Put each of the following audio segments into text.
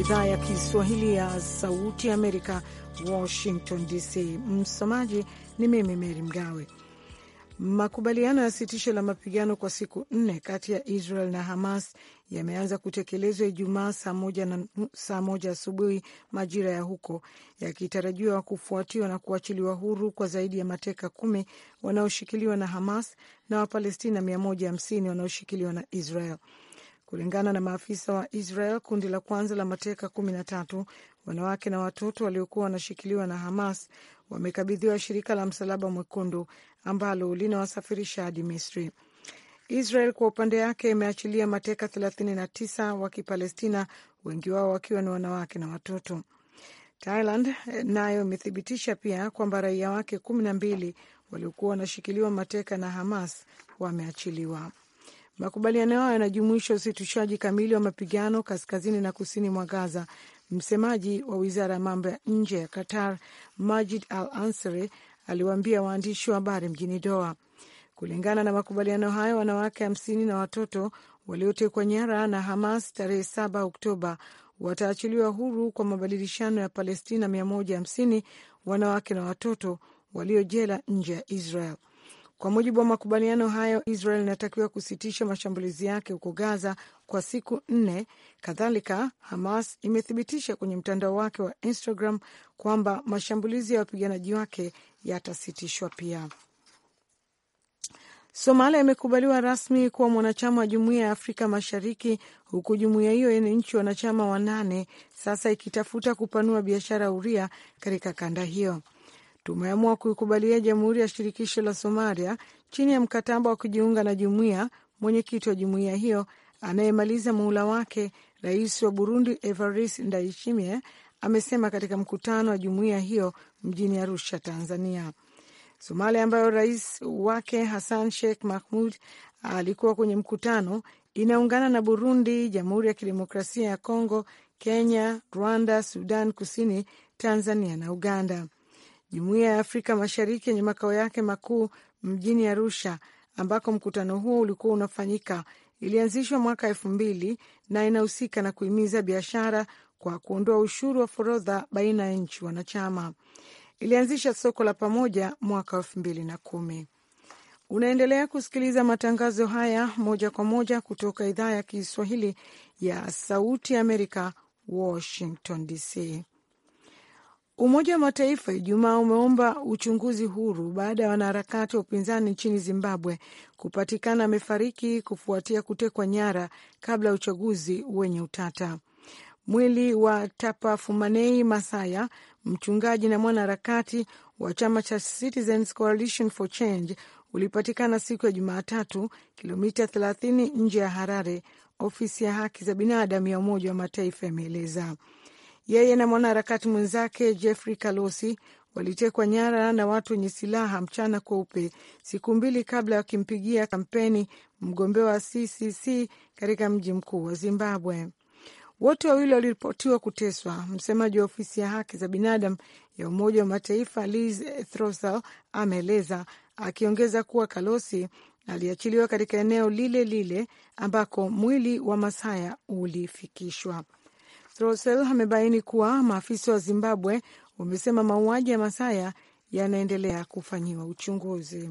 idhaa ya Kiswahili ya Sauti ya Amerika, Washington DC. Msomaji ni mimi Meri Mgawe. Makubaliano ya sitisho la mapigano kwa siku nne kati ya Israel na Hamas yameanza kutekelezwa Ijumaa saa moja na saa moja asubuhi majira ya huko, yakitarajiwa kufuatiwa na kuachiliwa huru kwa zaidi ya mateka kumi wanaoshikiliwa na Hamas na Wapalestina 150 wanaoshikiliwa na Israel. Kulingana na maafisa wa Israel, kundi la kwanza la mateka kumi na tatu wanawake na watoto waliokuwa wanashikiliwa na Hamas wamekabidhiwa shirika la Msalaba Mwekundu ambalo linawasafirisha hadi Misri. Israel kwa upande wake imeachilia mateka 39 wa Kipalestina, wengi wao wakiwa ni wanawake na watoto. Thailand nayo imethibitisha pia kwamba raia wake kumi na mbili waliokuwa wanashikiliwa mateka na Hamas wameachiliwa. Makubaliano hayo yanajumuisha usitishaji kamili wa mapigano kaskazini na kusini mwa Gaza. Msemaji wa wizara ya mambo ya nje ya Qatar, Majid Al Ansari, aliwaambia waandishi wa habari mjini Doha. Kulingana na makubaliano hayo, wanawake hamsini na watoto waliotekwa nyara na Hamas tarehe 7 Oktoba wataachiliwa huru kwa mabadilishano ya Palestina 150 wanawake na watoto waliojela nje ya Israel. Kwa mujibu wa makubaliano hayo, Israel inatakiwa kusitisha mashambulizi yake huko Gaza kwa siku nne. Kadhalika, Hamas imethibitisha kwenye mtandao wake wa Instagram kwamba mashambulizi ya wapiganaji wake yatasitishwa pia. Somalia imekubaliwa rasmi kuwa mwanachama wa jumuiya ya Afrika Mashariki, huku jumuiya hiyo yenye nchi wanachama wanane sasa ikitafuta kupanua biashara huria katika kanda hiyo tumeamua kuikubalia Jamhuri ya Shirikisho la Somalia chini ya mkataba wa kujiunga na jumuiya. Mwenyekiti wa jumuiya hiyo anayemaliza muhula wake, Rais wa Burundi Evariste Ndayishimiye, amesema katika mkutano wa jumuiya hiyo mjini Arusha, Tanzania. Somalia ambayo rais wake Hassan Sheikh Mahmud alikuwa kwenye mkutano inaungana na Burundi, Jamhuri ya Kidemokrasia ya Kongo, Kenya, Rwanda, Sudan Kusini, Tanzania na Uganda. Jumuiya ya Afrika Mashariki yenye makao yake makuu mjini Arusha, ambako mkutano huo ulikuwa unafanyika, ilianzishwa mwaka elfu mbili na inahusika na kuhimiza biashara kwa kuondoa ushuru wa forodha baina ya nchi wanachama. Ilianzisha soko la pamoja mwaka elfu mbili na kumi. Unaendelea kusikiliza matangazo haya moja kwa moja kutoka idhaa ya Kiswahili ya Sauti Amerika, Washington DC. Umoja wa Mataifa Ijumaa umeomba uchunguzi huru baada ya wanaharakati wa upinzani nchini Zimbabwe kupatikana amefariki kufuatia kutekwa nyara kabla ya uchaguzi wenye utata. Mwili wa Tapafumanei Masaya, mchungaji na mwanaharakati wa chama cha Citizens Coalition for Change, ulipatikana siku ya Jumatatu, kilomita 30 nje ya Harare, ofisi ya haki za binadamu ya Umoja wa Mataifa imeeleza. Yeye na mwanaharakati mwenzake Jeffrey kalosi walitekwa nyara na watu wenye silaha mchana kweupe, siku mbili kabla ya wakimpigia kampeni mgombea wa CCC katika mji mkuu wa Zimbabwe. Wote wawili waliripotiwa kuteswa. Msemaji wa ofisi ya haki za binadamu ya Umoja wa Mataifa Liz Throssell ameeleza akiongeza kuwa Kalosi aliachiliwa katika eneo lile lile ambako mwili wa Masaya ulifikishwa. Rosel amebaini kuwa maafisa wa Zimbabwe wamesema mauaji ya Masaya yanaendelea kufanyiwa uchunguzi.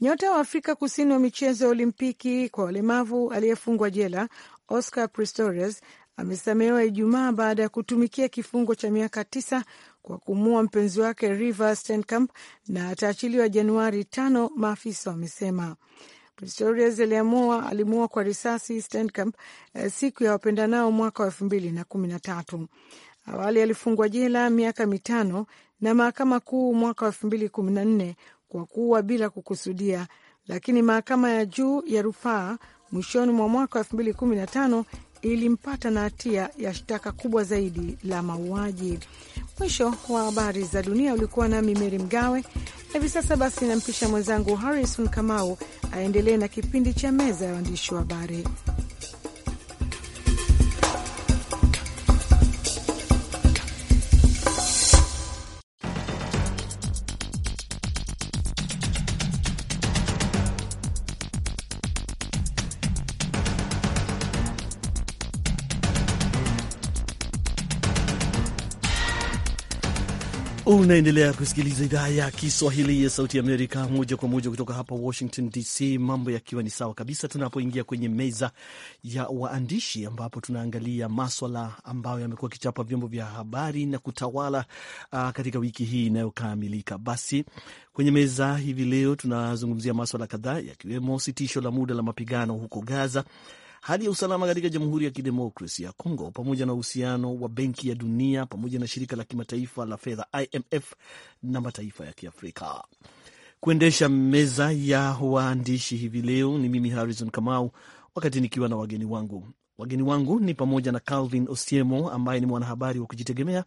Nyota wa Afrika Kusini wa michezo ya Olimpiki kwa walemavu aliyefungwa jela Oscar Pistorius amesamehewa Ijumaa baada ya kutumikia kifungo cha miaka tisa kwa kumua mpenzi wake River Stenkamp na ataachiliwa Januari tano, maafisa wamesema. Pistorius aliamua alimuua kwa risasi Steenkamp eh, siku ya wapendanao mwaka wa elfu mbili na kumi na tatu. Awali alifungwa jela miaka mitano na mahakama kuu mwaka wa elfu mbili kumi na nne kwa kuua bila kukusudia, lakini mahakama ya juu ya rufaa mwishoni mwa mwaka wa elfu mbili kumi na tano ilimpata na hatia ya shtaka kubwa zaidi la mauaji. Mwisho wa habari za dunia. Ulikuwa nami Meri Mgawe. Hivi sasa basi, nampisha mwenzangu Harrison Kamau aendelee na kipindi cha meza ya waandishi wa habari. Unaendelea kusikiliza idhaa ya Kiswahili ya Sauti ya Amerika moja kwa moja kutoka hapa Washington DC, mambo yakiwa ni sawa kabisa tunapoingia kwenye meza ya waandishi, ambapo tunaangalia maswala ambayo yamekuwa kichapa vyombo vya habari na kutawala uh, katika wiki hii inayokamilika. Basi kwenye meza hivi leo tunazungumzia maswala kadhaa yakiwemo sitisho la muda la mapigano huko Gaza Hali ya usalama katika Jamhuri ya Kidemokrasia ya Kongo pamoja na uhusiano wa Benki ya Dunia pamoja na shirika la kimataifa la fedha IMF na mataifa ya Kiafrika. Kuendesha meza ya waandishi hivi leo ni mimi Harrison Kamau, wakati nikiwa na wageni wangu. Wageni wangu ni pamoja na Calvin osiemo ambaye ni mwanahabari wa kujitegemea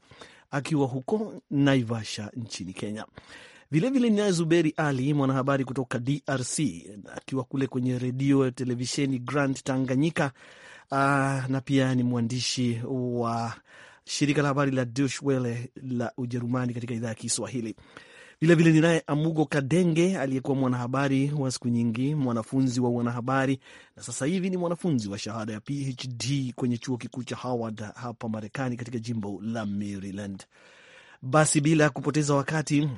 akiwa huko Naivasha nchini Kenya. Vilevile ninaye Zuberi Ali, mwanahabari kutoka DRC akiwa kule kwenye redio ya televisheni Grand Tanganyika. Uh, na pia ni mwandishi wa shirika la habari la Deutsche Welle la Ujerumani katika idhaa ya Kiswahili. Vilevile ninaye Amugo Kadenge aliyekuwa mwanahabari wa siku nyingi, mwanafunzi wa wanahabari na sasa hivi ni mwanafunzi wa shahada ya PhD kwenye chuo kikuu cha Howard hapa Marekani, katika jimbo la Maryland. Basi bila kupoteza wakati,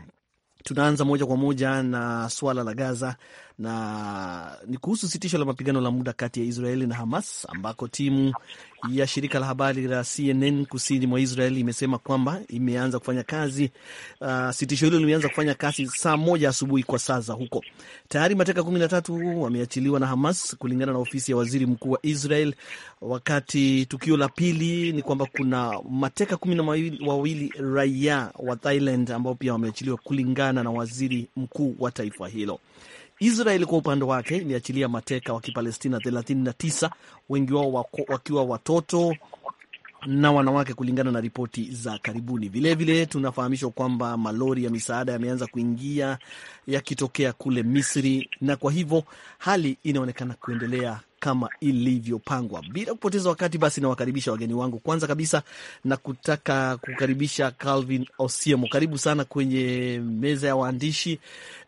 Tunaanza moja kwa moja na suala la Gaza na ni kuhusu sitisho la mapigano la muda kati ya Israeli na Hamas, ambako timu ya shirika la habari la CNN kusini mwa Israeli imesema kwamba imeanza kufanya kazi. Uh, sitisho hilo limeanza kufanya kazi saa moja asubuhi kwa saa za huko. Tayari mateka kumi na tatu wameachiliwa na Hamas kulingana na ofisi ya waziri mkuu wa Israel. Wakati tukio la pili ni kwamba kuna mateka kumi na wawili raia wa Thailand ambao pia wameachiliwa kulingana na waziri mkuu wa taifa hilo. Israel kwa upande wake iliachilia mateka wa Kipalestina 39 wengi wao wako, wakiwa watoto na wanawake kulingana na ripoti za karibuni. Vilevile tunafahamishwa kwamba malori ya misaada yameanza kuingia yakitokea kule Misri, na kwa hivyo hali inaonekana kuendelea kama ilivyopangwa. Bila kupoteza wakati, basi nawakaribisha wageni wangu. Kwanza kabisa na kutaka kukaribisha Calvin Osiemo, karibu sana kwenye meza ya waandishi.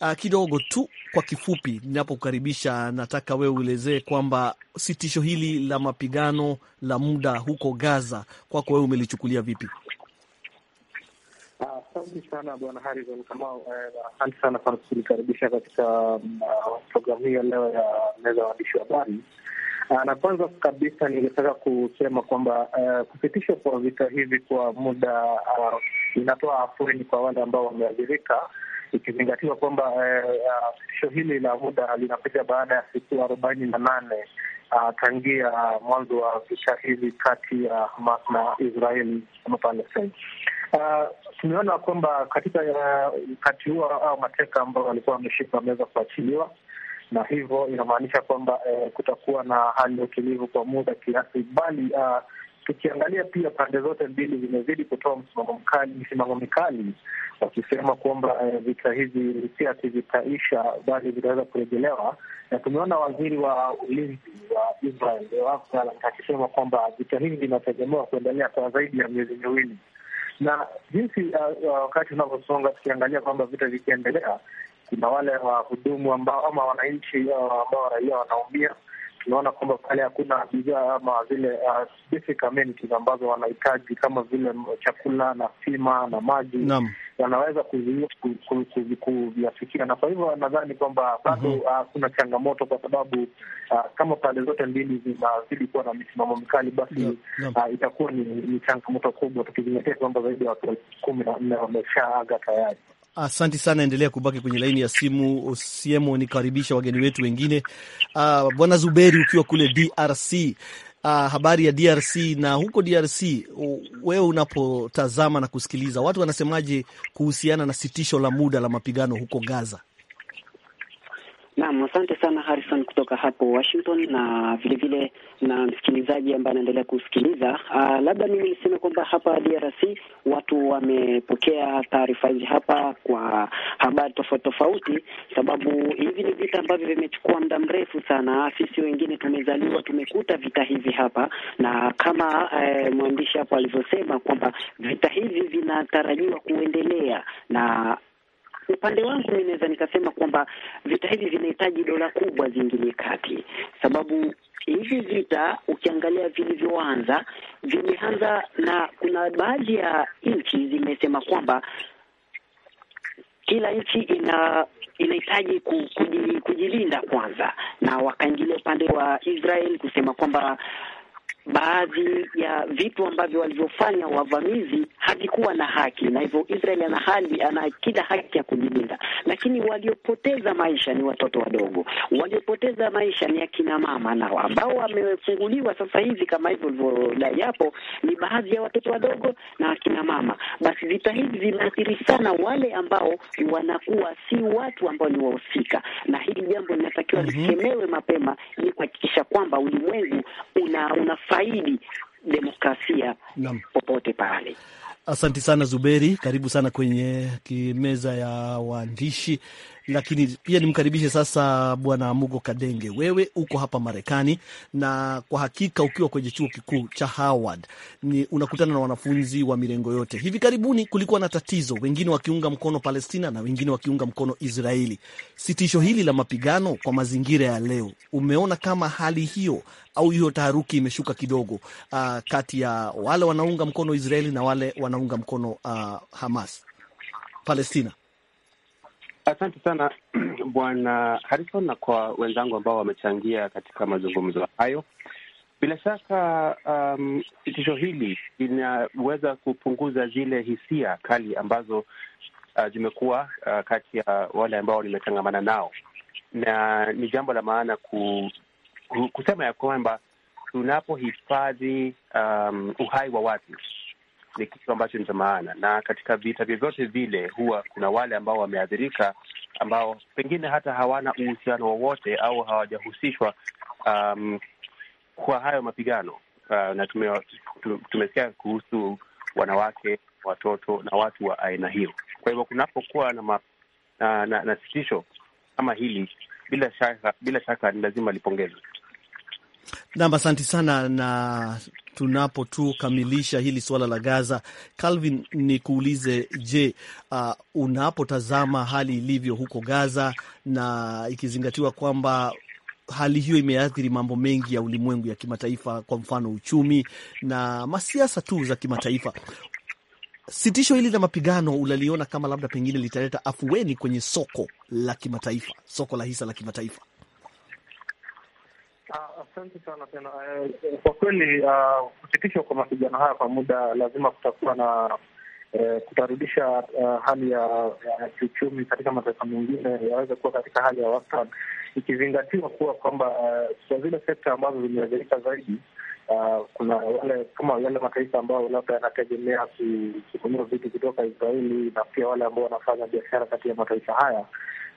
Uh, kidogo tu kwa kifupi, ninapokukaribisha nataka wewe uelezee kwamba sitisho hili la mapigano la muda huko Gaza kwako wewe umelichukulia vipi? Asante uh, sana Bwana Harizon Kamau. Eh, asante uh, sana kwa kunikaribisha katika um, uh, programu leo ya meza ya waandishi wa habari. Na ah, kwanza kabisa ningetaka kusema kwamba uh, kupitishwa kwa vita hivi kwa muda uh, inatoa afueni kwa wale ambao wameathirika, ikizingatiwa kwamba uh, pitisho hili la muda linakuja baada ya siku arobaini na nane uh, tangia uh, mwanzo wa vita hivi kati ya uh, Hamas na Israel ama Palestine. Uh, tumeona kwamba katika eh, wakati uh, huo au mateka ambao walikuwa wameshika wameweza kuachiliwa na hivyo inamaanisha kwamba eh, kutakuwa na hali ya utulivu kwa muda kiasi, bali uh, tukiangalia pia pande zote mbili zimezidi kutoa msimamo mkali, misimamo mikali wakisema kwamba eh, vita hivi si ati vitaisha, bali vitaweza kurejelewa, na tumeona waziri wa ulinzi wa Israel akisema kwamba vita hivi vinategemewa kuendelea kwa zaidi ya miezi miwili na jinsi uh, wakati unavyosonga tukiangalia kwamba vita vikiendelea kuna wale wahudumu ambao ama wananchi uh, ambao raia wanaumia. Tunaona kwamba pale hakuna bidhaa ama zile uh, basic amenities ambazo wanahitaji kama vile chakula na sima na maji Nam wanaweza kuviafikia na kwa hivyo nadhani kwamba bado mm -hmm. uh, kuna changamoto kwa sababu uh, kama pande zote mbili zinazidi kuwa na misimamo mikali, basi uh, itakuwa ni, ni changamoto kubwa, tukizingatia kwamba zaidi ya watu elfu kumi na nne wameshaaga tayari. Asante sana, endelea kubaki kwenye laini ya simu usiemo, nikaribisha wageni wetu wengine. Uh, bwana Zuberi, ukiwa kule DRC, uh, ah, habari ya DRC na huko DRC, wewe unapotazama na kusikiliza watu wanasemaje kuhusiana na sitisho la muda la mapigano huko Gaza? Naam, asante sana Haris kutoka hapo Washington na vilevile vile na msikilizaji ambaye anaendelea kusikiliza. Uh, labda mimi niseme kwamba hapa DRC watu wamepokea taarifa hizi hapa kwa habari tofauti tofauti, sababu hivi ni vita ambavyo vimechukua muda mrefu sana. Sisi wengine tumezaliwa tumekuta vita hivi hapa, na kama eh, mwandishi hapo alivyosema kwamba vita hivi vinatarajiwa kuendelea na Upande wangu mi naweza nikasema kwamba vita hivi vinahitaji dola kubwa ziingilie kati, sababu hivi vita ukiangalia vilivyoanza vimeanza na kuna baadhi ya nchi zimesema kwamba kila nchi ina inahitaji kujilinda kwanza, na wakaingilia upande wa Israel kusema kwamba baadhi ya vitu ambavyo walivyofanya wavamizi havikuwa na haki, na hivyo Israeli ana hali, ana kila haki ya kujilinda. Lakini waliopoteza maisha ni watoto wadogo, waliopoteza maisha ni akina mama, na ambao wamefunguliwa sasa hivi kama hivyo ulivyodai hapo ni baadhi ya watoto wadogo na akina mama. Basi vita hivi vinaathiri sana wale ambao wanakuwa si watu ambao ni wahusika, na hili jambo linatakiwa mm -hmm. mapema ili kuhakikisha kwamba ulimwengu una, una kufaidi demokrasia popote pale. Asanti sana Zuberi, karibu sana kwenye meza ya waandishi lakini pia nimkaribishe sasa Bwana Mugo Kadenge, wewe uko hapa Marekani na kwa hakika ukiwa kwenye chuo kikuu cha Howard ni unakutana na wanafunzi wa mirengo yote. Hivi karibuni kulikuwa na tatizo, wengine wakiunga mkono Palestina na wengine wakiunga mkono Israeli. Sitisho hili la mapigano kwa mazingira ya leo, umeona kama hali hiyo au hiyo taharuki imeshuka kidogo, uh, kati ya wale wanaunga mkono Israeli na wale wanaunga mkono uh, Hamas Palestina? Asante sana Bwana harison na kwa wenzangu ambao wamechangia katika mazungumzo hayo. Bila shaka um, hili linaweza kupunguza zile hisia kali ambazo uh, zimekuwa uh, kati ya wale ambao nimechangamana nao, na ni jambo la maana ku, ku, kusema ya kwamba tunapohifadhi um, uhai wa watu ni kitu ambacho ni cha maana, na katika vita vyovyote vile huwa kuna wale ambao wameathirika, ambao pengine hata hawana uhusiano wowote au hawajahusishwa um, kwa hayo mapigano uh, na tume, tumesikia kuhusu wanawake, watoto na watu wa aina hiyo. Kwa hivyo kunapokuwa na, ma, na, na, na sitisho kama hili, bila shaka, bila shaka ni lazima lipongezwe. Nam, asante sana na kamilisha hili suala la Gaza, Calvin, nikuulize, je, uh, unapotazama hali ilivyo huko Gaza na ikizingatiwa kwamba hali hiyo imeathiri mambo mengi ya ulimwengu ya kimataifa, kwa mfano uchumi na masiasa tu za kimataifa, sitisho hili la mapigano unaliona kama labda pengine litaleta afueni kwenye soko la kimataifa, soko la hisa la kimataifa? Asante sana tena. E, kwa kweli uh, ah, kusitishwa kwa mapigano haya kwa muda, lazima kutakuwa na e, kutarudisha uh, hali ya kiuchumi katika mataifa mengine yaweze kuwa katika hali ya wastani, ikizingatiwa kuwa kwamba uh, zile sekta ambazo zimeathirika zaidi Uh, kuna wale kama yale mataifa ambayo labda yanategemea kununua vitu kutoka Israeli na pia wale ambao wanafanya biashara kati ya mataifa haya.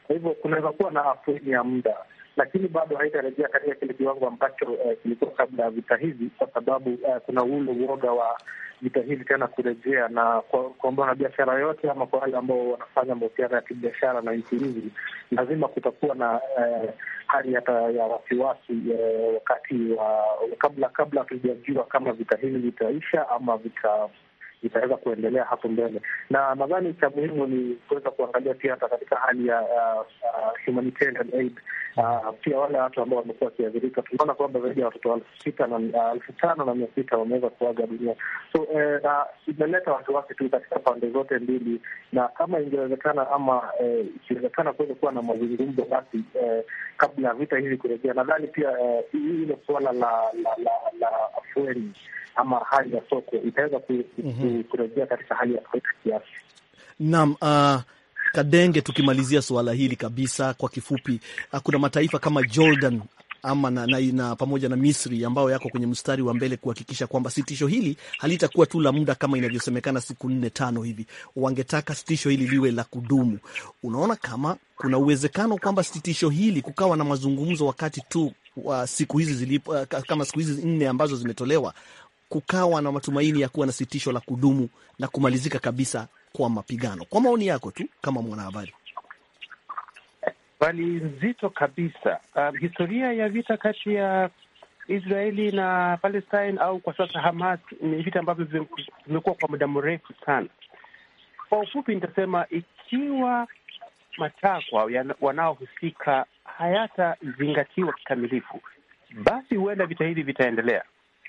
Kwa hivyo kunaweza kuwa na afueni ya muda lakini bado haitarejea katika kile kiwango ambacho eh, kilikuwa kabla ya vita hivi, kwa sababu eh, kuna ule uoga wa vita hivi tena kurejea, na na biashara yote ama kwa wale ambao wanafanya mahusiano ya kibiashara na nchi hizi, lazima kutakuwa na eh, hali hata ya wasiwasi wakati wa kabla kabla hatujajua kama vita hivi vitaisha ama vita itaweza kuendelea hapo mbele, na nadhani cha muhimu ni kuweza kuangalia pia hata katika hali ya uh, uh, humanitarian aid uh, pia wale watu ambao wamekuwa wakiathirika. Tunaona kwamba zaidi ya watoto elfu sita na ah, elfu tano na mia sita wameweza kuaga dunia, so eh, imeleta wasiwasi tu katika pande zote mbili, na kama ingewezekana ama eh, ikiwezekana kuweza kuwa na mazungumzo basi eh, kabla ya vita hivi kurejea, nadhani pia eh, hilo suala la la la, la afueni ama hali ya soko itaweza mhm. kurejea katika hali ya kawaida kiasi. Naam. Uh, Kadenge, tukimalizia suala hili kabisa kwa kifupi, ah, kuna mataifa kama Jordan ama na, na, na pamoja na Misri ambayo yako kwenye mstari wa mbele kuhakikisha kwamba sitisho hili halitakuwa tu la muda kama inavyosemekana siku nne tano hivi. Wangetaka sitisho hili liwe la kudumu. Unaona kama kuna uwezekano kwamba sitisho hili kukawa na mazungumzo wakati tu wa siku hizi zilipo, ah, kama siku hizi nne ambazo zimetolewa, kukawa na matumaini ya kuwa na sitisho la kudumu na kumalizika kabisa kwa mapigano. Kwa maoni yako tu kama mwanahabari. bali nzito kabisa. Uh, historia ya vita kati ya Israeli na Palestine au kwa sasa Hamas ni vita ambavyo vimekuwa kwa muda mrefu sana. Kwa ufupi, nitasema ikiwa matakwa wanaohusika hayatazingatiwa kikamilifu, basi huenda vita hivi vitaendelea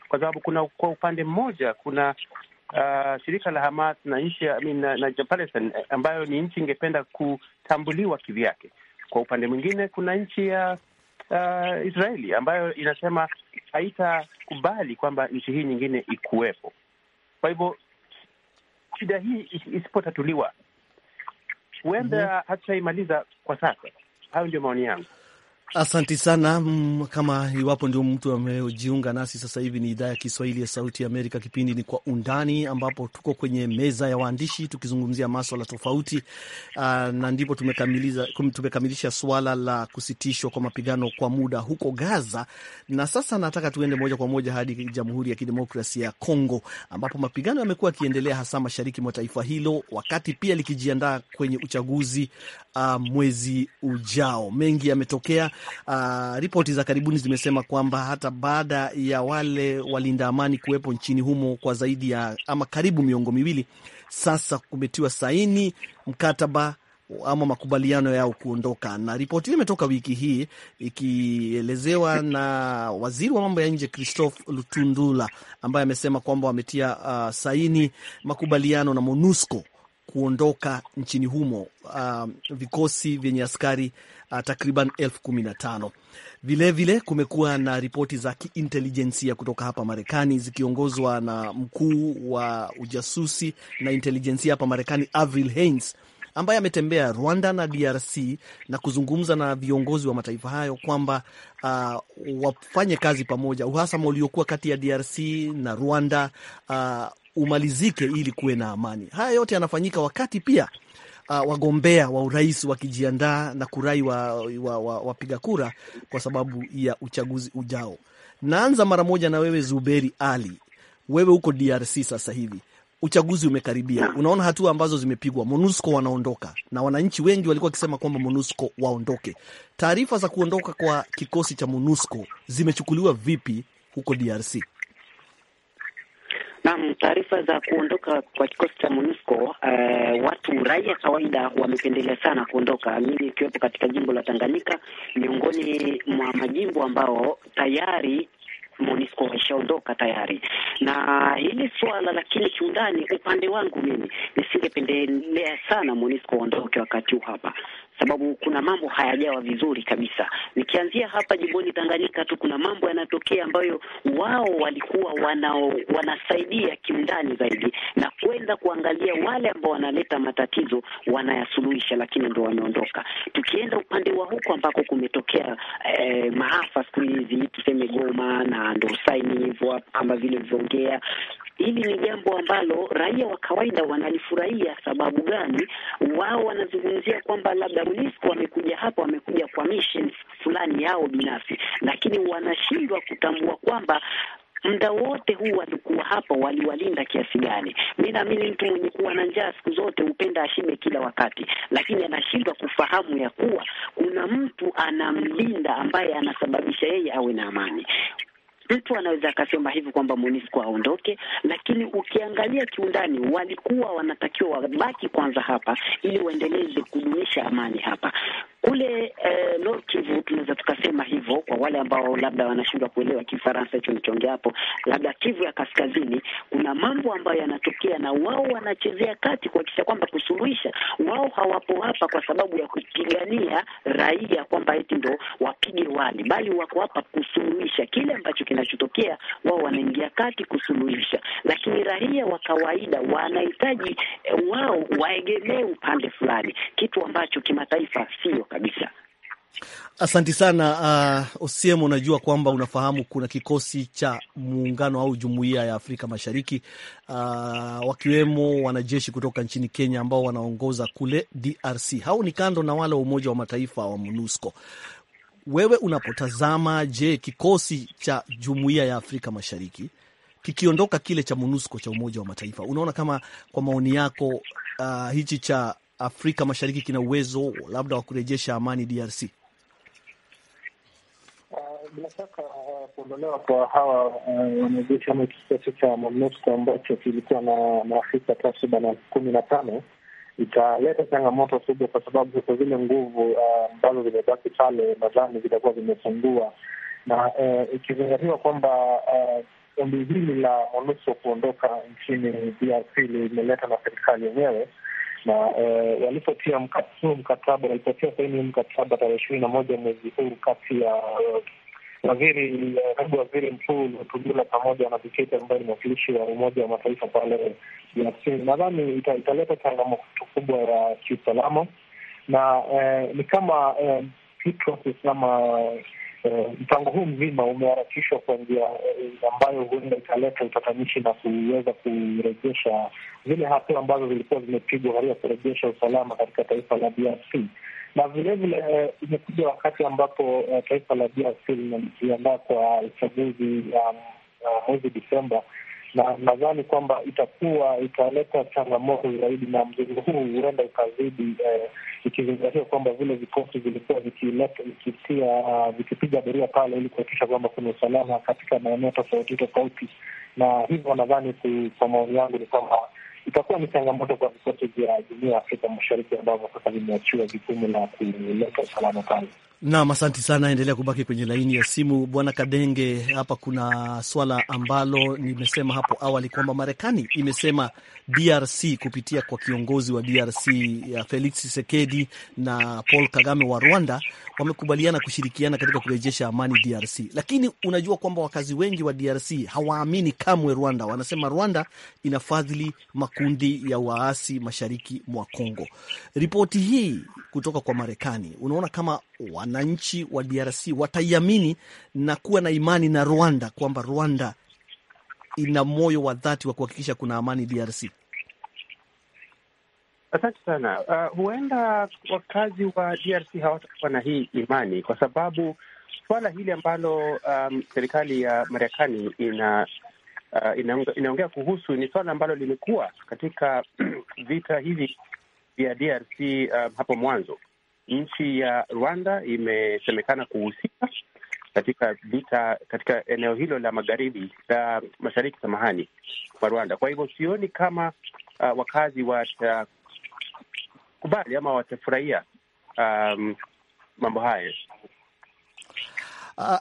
kwa sababu kuna kwa upande mmoja kuna uh, shirika la Hamas na nchi na, na, na Palestine eh, ambayo ni nchi ingependa kutambuliwa kivyake. Kwa upande mwingine kuna nchi ya uh, Israeli ambayo inasema haitakubali kwamba nchi hii nyingine ikuwepo. Kwa hivyo shida hii isipotatuliwa huenda mm -hmm. hatutaimaliza kwa sasa. Hayo ndio maoni yangu. Asanti sana mm, Kama iwapo ndio mtu amejiunga nasi sasa hivi, ni idhaa ya Kiswahili ya Sauti ya Amerika. Kipindi ni Kwa Undani, ambapo tuko kwenye meza ya waandishi tukizungumzia maswala tofauti uh, na ndipo tumekamilisha swala la kusitishwa kwa mapigano kwa muda huko Gaza, na sasa nataka tuende moja kwa moja hadi Jamhuri ya Kidemokrasia ya Kongo, ambapo mapigano yamekuwa yakiendelea hasa mashariki mwa taifa hilo, wakati pia likijiandaa kwenye uchaguzi uh, mwezi ujao. Mengi yametokea Uh, ripoti za karibuni zimesema kwamba hata baada ya wale walinda amani kuwepo nchini humo kwa zaidi ya ama karibu miongo miwili sasa, kumetiwa saini mkataba ama makubaliano yao kuondoka. Na ripoti hii imetoka wiki hii ikielezewa na waziri wa mambo ya nje Christophe Lutundula ambaye amesema kwamba wametia uh, saini makubaliano na MONUSCO kuondoka nchini humo uh, vikosi vyenye askari uh, takriban elfu kumi na tano. Vilevile kumekuwa na ripoti za kiintelijensia kutoka hapa Marekani zikiongozwa na mkuu wa ujasusi na intelijensia hapa Marekani Avril Haines ambaye ametembea Rwanda na DRC na kuzungumza na viongozi wa mataifa hayo kwamba uh, wafanye kazi pamoja. Uhasama uliokuwa kati ya DRC na Rwanda uh, umalizike ili kuwe na amani. Haya yote yanafanyika wakati pia uh, wagombea wa urais wakijiandaa na kurai wapiga wa, wa, wa kura kwa sababu ya uchaguzi ujao. Naanza mara moja na wewe Zuberi Ali, wewe huko DRC sasa hivi uchaguzi umekaribia, unaona hatua ambazo zimepigwa. MONUSCO wanaondoka na wananchi wengi walikuwa wakisema kwamba MONUSCO waondoke. Taarifa za kuondoka kwa kikosi cha MONUSCO zimechukuliwa vipi huko DRC? Naam, taarifa za kuondoka kwa kikosi cha MONUSCO uh, watu raia kawaida wamependelea sana kuondoka, mimi ikiwepo katika jimbo la Tanganyika, miongoni mwa majimbo ambao tayari MONUSCO waishaondoka tayari. Na hili swala lakini, kiundani, upande wangu mimi nisingependelea sana MONUSCO waondoke wakati huu hapa, sababu kuna mambo hayajawa vizuri kabisa. Nikianzia hapa jimboni Tanganyika tu, kuna mambo yanatokea ambayo wao walikuwa wanao, wanasaidia kiundani zaidi na kwenda kuangalia wale ambao wanaleta matatizo wanayasuluhisha, lakini ndo wameondoka. Tukienda upande wa huko ambako kumetokea eh, maafa siku hizi tuseme Goma na ndo saini hivyo kama vile vilivyoongea hili ni jambo ambalo raia wa kawaida wanalifurahia. Sababu gani? Wao wanazungumzia kwamba labda UNESCO wamekuja hapa, wamekuja kwa mission fulani yao binafsi, lakini wanashindwa kutambua kwamba muda wote huu walikuwa hapa, waliwalinda kiasi gani? Mi naamini mtu mwenye kuwa na njaa siku zote hupenda ashibe kila wakati, lakini anashindwa kufahamu ya kuwa kuna mtu anamlinda ambaye anasababisha yeye awe na amani. Mtu anaweza akasema hivi kwamba MONUSCO aondoke, lakini ukiangalia kiundani, walikuwa wanatakiwa wabaki kwanza hapa ili waendeleze kudumisha amani hapa kule eh, Nord Kivu tunaweza tukasema hivyo, kwa wale ambao labda wanashindwa kuelewa Kifaransa hicho nichoongea hapo, labda Kivu ya kaskazini kuna mambo ambayo yanatokea, na wao wanachezea kati kuhakikisha kwamba kusuluhisha. Wao hawapo hapa kwa sababu ya kupigania raia kwamba eti ndo wapige wali bali wako hapa kusuluhisha kile ambacho kinachotokea. Wao wanaingia kati kusuluhisha, lakini raia wa kawaida wanahitaji eh, wao waegemee upande fulani, kitu ambacho kimataifa sio kabisa. Asanti sana uh, Osiemo, unajua kwamba unafahamu kuna kikosi cha muungano au jumuiya ya Afrika Mashariki uh, wakiwemo wanajeshi kutoka nchini Kenya ambao wanaongoza kule DRC. Hao ni kando na wale wa Umoja wa Mataifa wa MONUSCO. Wewe unapotazama, je, kikosi cha jumuiya ya Afrika Mashariki kikiondoka kile cha MONUSCO cha Umoja wa Mataifa, unaona kama kwa maoni yako uh, hichi cha Afrika Mashariki kina uwezo labda wa kurejesha amani DRC? Uh, bila shaka uh, kuondolewa kwa hawa uh, wanajeshi ama kikosi cha MONUSCO ambacho kilikuwa na maafisa takriban kumi na tano italeta changamoto kubwa, kwa sababu kwa zile nguvu ambazo zimebaki pale, nadhani zitakuwa zimepungua, na ikizingatiwa kwamba kundi hili la MONUSCO kuondoka nchini DRC limeleta na serikali yenyewe na eh, walipotia huu mkataba walipotia saini mkataba tarehe ishirini na moja mwezi huu kati ya eh, waziri eh, naibu waziri mkuu Tugula pamoja na Viketi ambaye ni mwakilishi wa Umoja wa Mataifa pale Jasini, nadhani ita, italeta changamoto kubwa ya kiusalama na eh, ni kama eh, ama Eh, mpango huu mzima umeharakishwa kwa njia eh, ambayo huenda ikaleta utatanishi na kuweza kurejesha zile hatua ambazo zilikuwa zimepigwa katika kurejesha usalama katika taifa la DRC na vilevile eh, imekuja wakati ambapo taifa la DRC linajiandaa kwa uchaguzi um, uh, mwezi Desemba na nadhani kwamba itakuwa italeta changamoto zaidi, na mzozo huu huenda ukazidi eh, ikizingatia kwamba vile vikosi vilikuwa vikitia ah, vikipiga doria pale ili kuhakikisha kwamba kuna usalama katika maeneo tofauti tofauti, na hivyo nadhani, kwa maoni yangu ni kwamba itakuwa ni changamoto kwa vikosi vya Jumuiya ya Afrika Mashariki ambavyo sasa vimeachiwa jukumu la kuleta usalama pale. Naam, asante sana. Endelea kubaki kwenye laini ya simu, Bwana Kadenge. Hapa kuna swala ambalo nimesema hapo awali kwamba Marekani imesema DRC kupitia kwa kiongozi wa DRC ya Felix Tshisekedi na Paul Kagame wa Rwanda wamekubaliana kushirikiana katika kurejesha amani DRC, lakini unajua kwamba wakazi wengi wa DRC hawaamini kamwe Rwanda. Wanasema Rwanda inafadhili ma makundi ya waasi mashariki mwa Kongo. Ripoti hii kutoka kwa Marekani, unaona kama wananchi wa DRC wataiamini na kuwa na imani na Rwanda kwamba Rwanda ina moyo wa dhati wa kuhakikisha kuna amani DRC? Asante sana. Uh, huenda wakazi wa DRC hawatakuwa na hii imani kwa sababu suala hili ambalo um, serikali ya Marekani ina uh, inaongea kuhusu ni swala ambalo limekuwa katika vita hivi vya DRC uh, um, hapo mwanzo. Nchi ya Rwanda imesemekana kuhusika katika vita katika eneo hilo la magharibi la mashariki, samahani, kwa Rwanda. Kwa hivyo sioni kama uh, wakazi watakubali ama watafurahia um, mambo hayo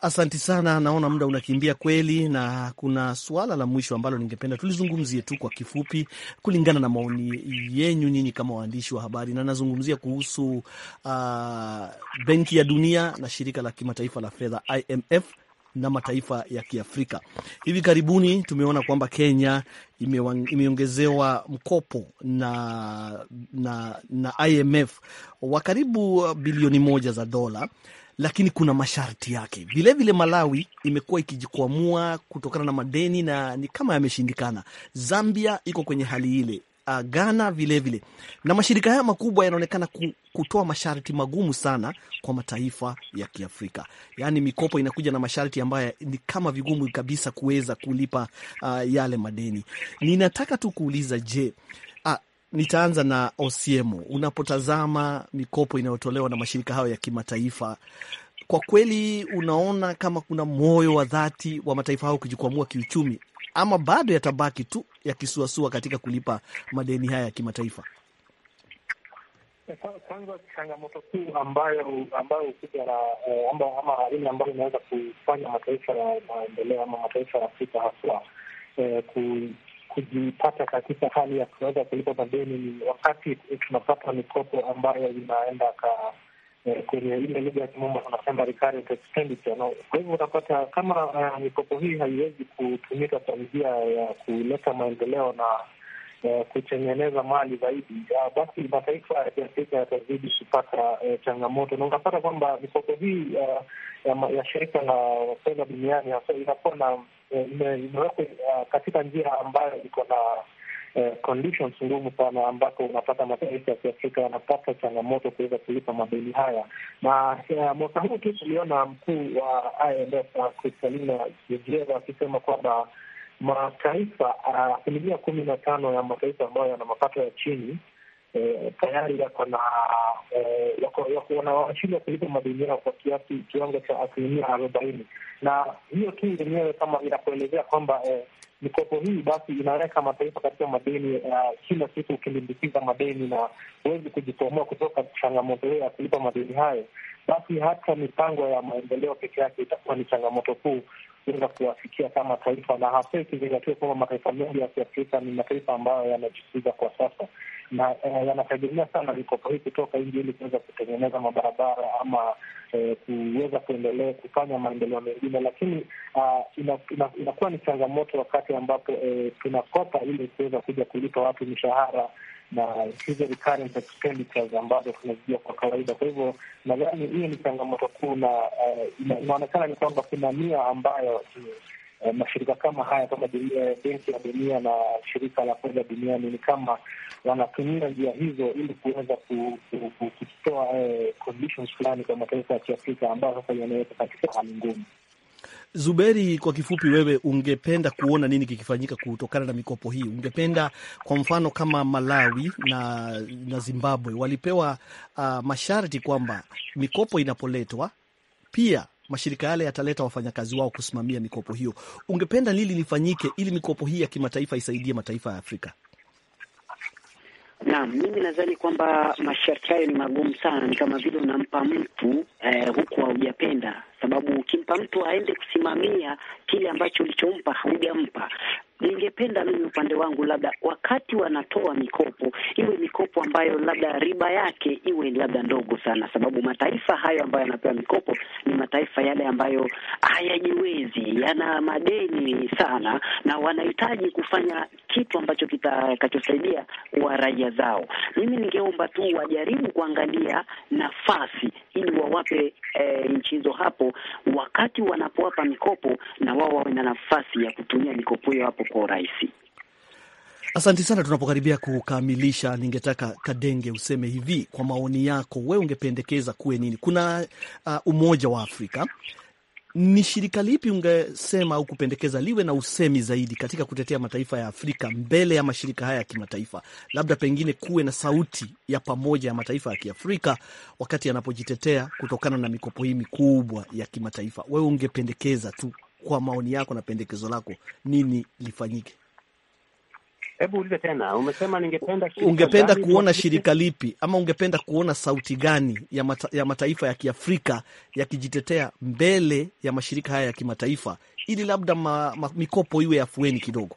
Asanti sana, naona muda unakimbia kweli, na kuna suala la mwisho ambalo ningependa tulizungumzie tu kwa kifupi, kulingana na maoni yenyu nyinyi kama waandishi wa habari, na nazungumzia kuhusu uh, Benki ya Dunia na shirika la kimataifa la fedha IMF na mataifa ya Kiafrika. Hivi karibuni tumeona kwamba Kenya imeongezewa mkopo na, na, na IMF wa karibu bilioni moja za dola lakini kuna masharti yake vilevile. Vile Malawi imekuwa ikijikwamua kutokana na madeni na ni kama yameshindikana. Zambia iko kwenye hali ile, ah, Ghana vilevile, na mashirika haya makubwa yanaonekana kutoa masharti magumu sana kwa mataifa ya Kiafrika. Yaani mikopo inakuja na masharti ambayo ni kama vigumu kabisa kuweza kulipa uh, yale madeni. Ninataka tu kuuliza, je, nitaanza na Osiemo, Unapotazama mikopo inayotolewa na mashirika hayo ya kimataifa, kwa kweli unaona kama kuna moyo wa dhati wa mataifa hayo kujikwamua kiuchumi, ama bado yatabaki tu yakisuasua katika kulipa madeni haya ya kimataifa? Kwanza, changamoto kuu ambayo ambayo kuja na eh, ama ile ambayo inaweza kufanya mataifa ya maendeleo ama mataifa ya Afrika haswa eh, kujipata katika hali ya kuweza kulipa madeni ni wakati tunapata mikopo ambayo inaenda ka eh, kwenye ile lugha ya kimombo tunasema recurrent expenditure. Kwa hivyo unapata kama uh, mikopo hii haiwezi kutumika kwa njia ya kuleta maendeleo na eh, kutengeneza mali zaidi, uh, basi mataifa ya kiafrika yatazidi kupata changamoto, na unapata kwamba mikopo hii uh, ya, ya shirika la fedha duniani hasa inakuwa na imewekwa uh, katika njia ambayo iko na uh, conditions ngumu sana, ambapo unapata mataifa ya Kiafrika yanapata changamoto kuweza kulipa madeni haya. Na uh, mwaka huu tu tuliona mkuu wa IMF Kristalina Georgieva akisema kwamba mataifa asilimia kumi na tano ya mataifa ambayo yana mapato ya chini E, tayari yako na e, wanashindwa kulipa madeni yao kwa kiasi kiwango cha asilimia arobaini, na hiyo tu yenyewe kama inakuelezea kwamba e, mikopo hii basi inaweka mataifa katika madeni. Kila siku ukilimbikiza madeni na huwezi kujikomoa kutoka changamoto hiyo ya kulipa madeni hayo, basi hata mipango ya maendeleo peke yake itakuwa ni changamoto kuu kuweza kuwafikia kama taifa, na hasa ikizingatiwa kwamba mataifa mengi ya Kiafrika ni mataifa ambayo yanajikuza kwa sasa na eh, yanategemea sana mikopo hii kutoka nje ili kuweza kutengeneza mabarabara ama eh, kuweza kuendelea kufanya maendeleo mengine, lakini uh, ah, inakuwa ina, ina, ni changamoto wakati ambapo eh, tunakopa ili kuweza kuja kulipa watu mishahara na hizo recurrent expenditures ambazo tunazijua kwa kawaida. Kwa hivyo nadhani hiyo ni changamoto kuu, na uh, inaonekana ni kwamba kuna nia ambayo eh, eh, mashirika kama haya kama Benki ya Dunia na Shirika la Fedha Duniani ni kama wanatumia njia hizo ili kuweza kutoa eh, conditions fulani kwa mataifa ya Kiafrika ambayo sasa yanaweka katika hali ngumu. Zuberi, kwa kifupi, wewe ungependa kuona nini kikifanyika kutokana na mikopo hii? Ungependa kwa mfano kama Malawi na, na Zimbabwe walipewa uh, masharti kwamba mikopo inapoletwa pia mashirika yale yataleta wafanyakazi wao kusimamia mikopo hiyo. Ungependa nini lifanyike ili mikopo hii ya kimataifa isaidie mataifa ya Afrika? Naam, mimi nadhani kwamba masharti hayo ni magumu sana, ni kama vile unampa mtu eh, huku haujapenda sababu ukimpa mtu aende kusimamia kile ambacho ulichompa haujampa, ningependa mimi upande wangu, labda wakati wanatoa mikopo iwe mikopo ambayo labda riba yake iwe labda ndogo sana, sababu mataifa hayo ambayo yanapewa mikopo ni mataifa yale ambayo hayajiwezi, yana madeni sana na wanahitaji kufanya kitu ambacho kitakachosaidia wa raia zao. Mimi ningeomba tu wajaribu kuangalia nafasi ili wawape e, nchi hizo hapo, wakati wanapowapa mikopo, na wao wawe na nafasi ya kutumia mikopo hiyo hapo kwa urahisi. Asante sana. Tunapokaribia kukamilisha, ningetaka Kadenge useme hivi, kwa maoni yako, wewe ungependekeza kuwe nini? Kuna uh, Umoja wa Afrika ni shirika lipi ungesema au kupendekeza liwe na usemi zaidi katika kutetea mataifa ya Afrika mbele ya mashirika haya ya kimataifa? Labda pengine kuwe na sauti ya pamoja ya mataifa ya Kiafrika wakati yanapojitetea kutokana na mikopo hii mikubwa ya kimataifa. Wewe ungependekeza tu kwa maoni yako na pendekezo lako, nini lifanyike? Hebu ulize tena, umesema ningependa shirika ungependa gani, kuona shirika lipi ama ungependa kuona sauti gani ya, mata, ya mataifa ya Kiafrika yakijitetea mbele ya mashirika haya ya kimataifa ili labda ma, ma, mikopo iwe afueni kidogo?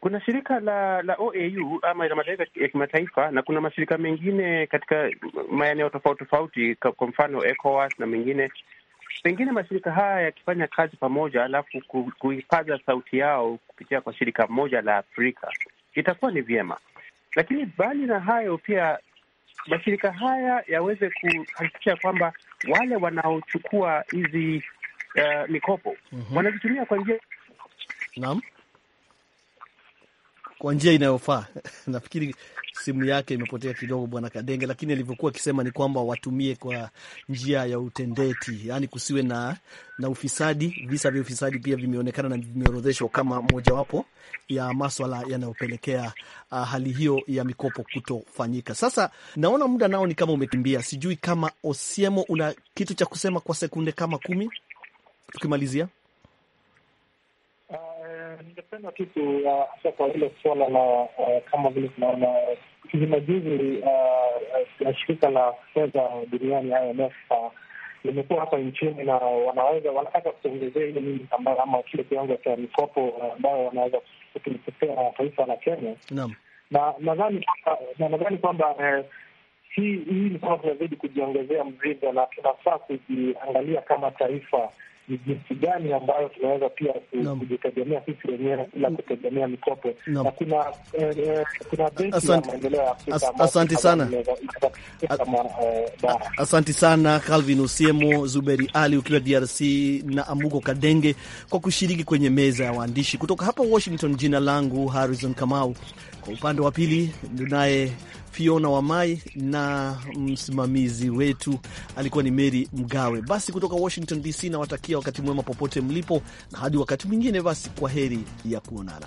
Kuna shirika la la OAU ama la mataifa ya kimataifa na kuna mashirika mengine katika maeneo tofauti tofauti, kwa mfano ECOWAS na mengine Pengine mashirika haya yakifanya kazi pamoja, alafu kuipaza sauti yao kupitia kwa shirika moja la Afrika itakuwa ni vyema, lakini mbali na hayo pia mashirika haya yaweze kuhakikisha kwamba wale wanaochukua hizi uh, mikopo mm -hmm. wanazitumia kwa njia naam kwa njia inayofaa. Nafikiri simu yake imepotea kidogo, Bwana Kadenge, lakini alivyokuwa akisema ni kwamba watumie kwa njia ya utendeti, yaani kusiwe na, na ufisadi. Visa vya ufisadi pia vimeonekana na vimeorodheshwa kama mojawapo ya maswala yanayopelekea uh, hali hiyo ya mikopo kutofanyika. Sasa naona muda nao ni kama umekimbia, sijui kama Osiemo una kitu cha kusema kwa sekunde kama kumi tukimalizia ningependa tu uh, hasa kwa hilo suala la uh, kama vile tunaona hivi uh, majuzi ya shirika la fedha duniani IMF limekuwa hapa nchini na wanaweza wanataka kutuongezea ile mingi ambayo ama kile kiwango cha mikopo ambayo wanaweza kutulipotea taifa la Kenya. Naam, na nadhani na nadhani kwamba hii ni kama tunazidi kujiongezea mzigo na tunafaa kujiangalia kama taifa ni jinsi gani ambayo tunaweza pia kujitegemea sisi wenyewe bila kutegemea mikopo, na kuna eh, eh, kuna benki ya maendeleo ya Afrika. Asante sana, eh, asante sana Calvin Usiemo, Zuberi Ali ukiwa DRC na Amugo Kadenge kwa kushiriki kwenye meza ya waandishi kutoka hapa Washington. Jina langu Harrison Kamau, kwa upande wa pili naye Fiona Wamai na msimamizi wetu alikuwa ni Mary Mgawe. Basi kutoka Washington DC nawatakia wakati mwema popote mlipo, na hadi wakati mwingine, basi kwa heri ya kuonana.